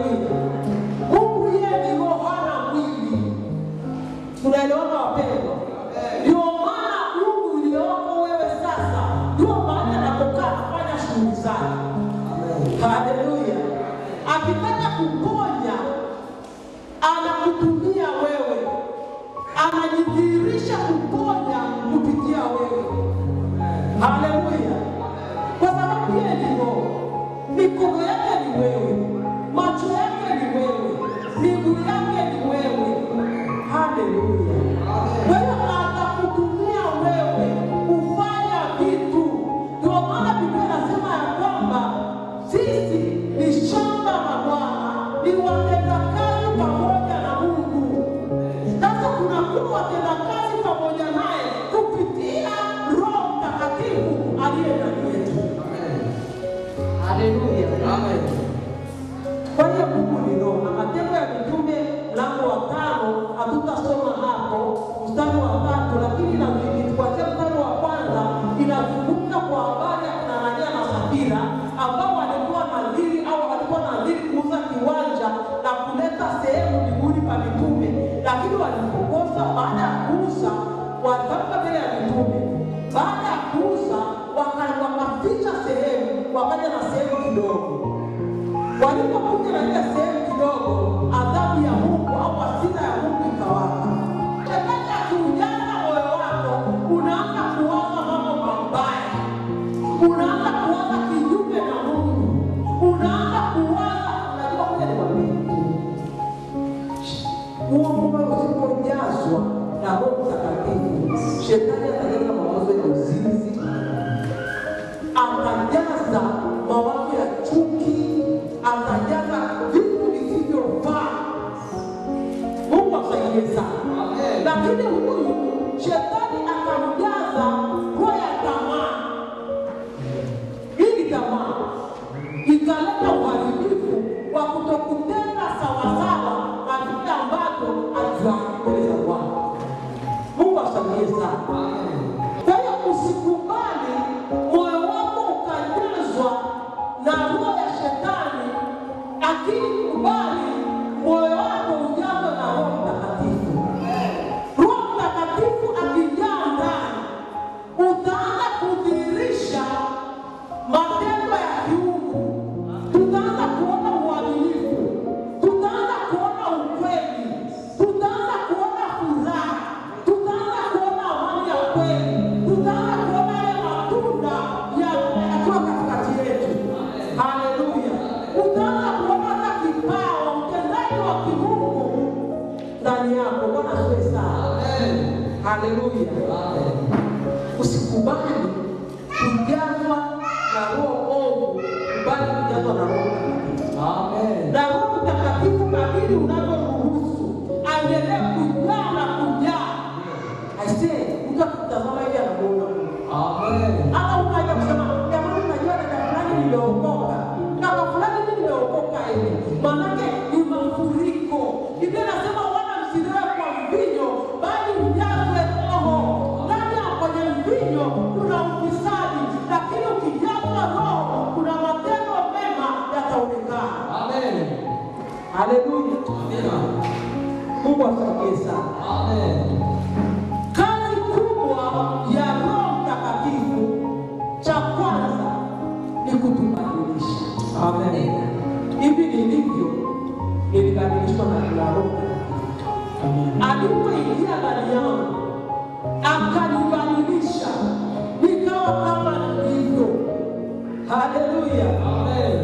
mwili. Mungu yeye ni roho hana mwili. Tunaelewana wapendwa? Ndio maana Mungu uliyoko wewe sasa ndio maana anapokaa kufanya shughuli zake. Haleluya. Akitaka kuponya anakutumia wewe. Anajidhihirisha kuponya kupitia wewe. Nakumbuka kwa habari ya Anania na Safira ambao walikuwa nadhiri au walikuwa nadhiri kuuza kiwanja na kuleta sehemu miguuni pa mitume, lakini walipokosa baada ya kuuza walitamka mbele ya mitume. Baada ya kuuza wakaficha sehemu, wakaja na sehemu kidogo unaanza kuwaza kinyume na Mungu, unaanza kuwaza najua uongo. Usipojazwa na Roho Mtakatifu shetani ya one. Italeta Haleluya! Usikubali kujazwa na roho ovu, kubali kujazwa na roho Amen. Na Roho Mtakatifu kadiri unavyoruhusu, endelea kujaa na kujaa. I say mtu akitazama hivi Amen. Hata ukaja kusema jamani, unajua dada fulani nimeokoka, kaka fulani nimeokoka hivi, maanake Haleluya, Mungu asaidie sana. Kazi kubwa ya Roho Mtakatifu, cha kwanza ni kutubadilisha. Amen. Hivi nilivyo nilibadilishwa na Roho alipoingia ndani yangu akanibadilisha nikawa kama nilivyo. Haleluya, amen.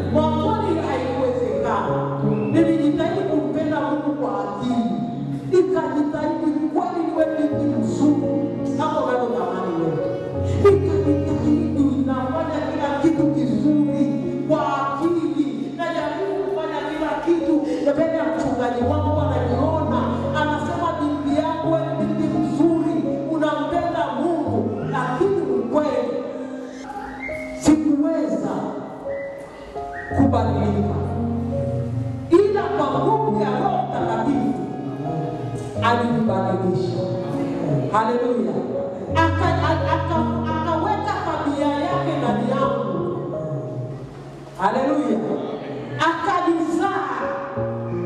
hadi Haleluya! akaweka familia yake ndani yangu. Haleluya! akanizaa,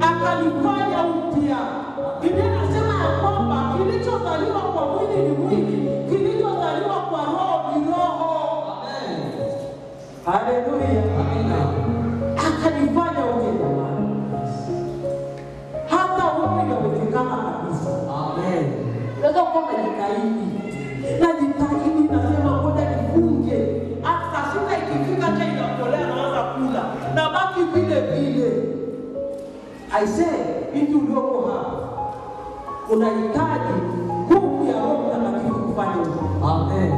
akanifanya upya. Biblia inasema ya kwamba kilichozaliwa kwa mwili ni mwili, kilichozaliwa kwa roho ni roho. Haleluya! kidogo najitahidi, najitahidi, nasema ngoja nifunge, hata ikifika inakolea, naanza kula na baki vile vile. Aise, mji ulioko hapa unahitaji nguvu ya Roho Mtakatifu kufanya Amen.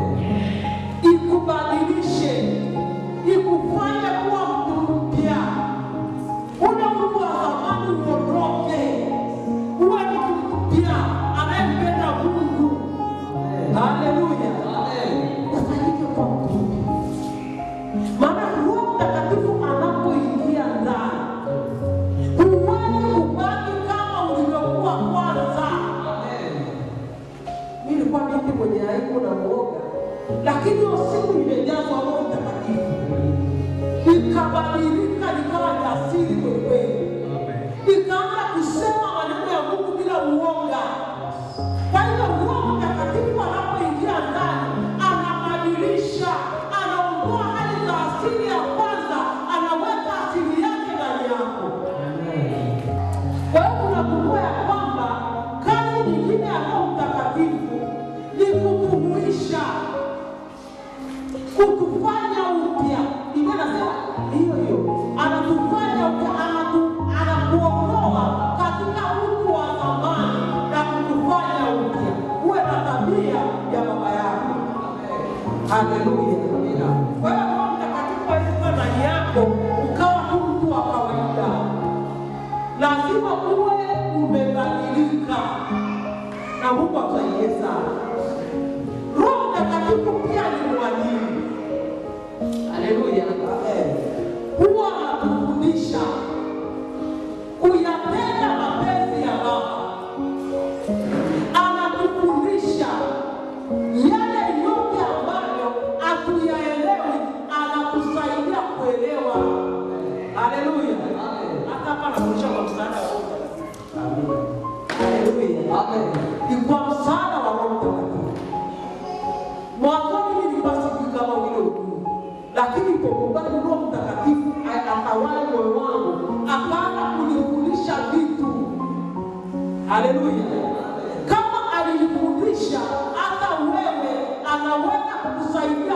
ilikuwa binti mwenye aibu na uoga, lakini usiku nimejazwa Roho Mtakatifu, nikabadilika, nikawa jasiri ni kukuhuisha, kukufanya upya. Biblia inasema hiyo hiyo, anakufanya upya, anakuondoa katika utu wa zamani na kutufanya upya uwe na tabia ya baba yako. Haleluya, amina. kawaida, lazima uwe umebadilika na Mungu sana ule ukuu, lakini ipokubali Roho Mtakatifu atawale moyo wangu, apana kunifundisha vitu. Haleluya! kama alinifundisha, hata wewe anaweza kukusaidia.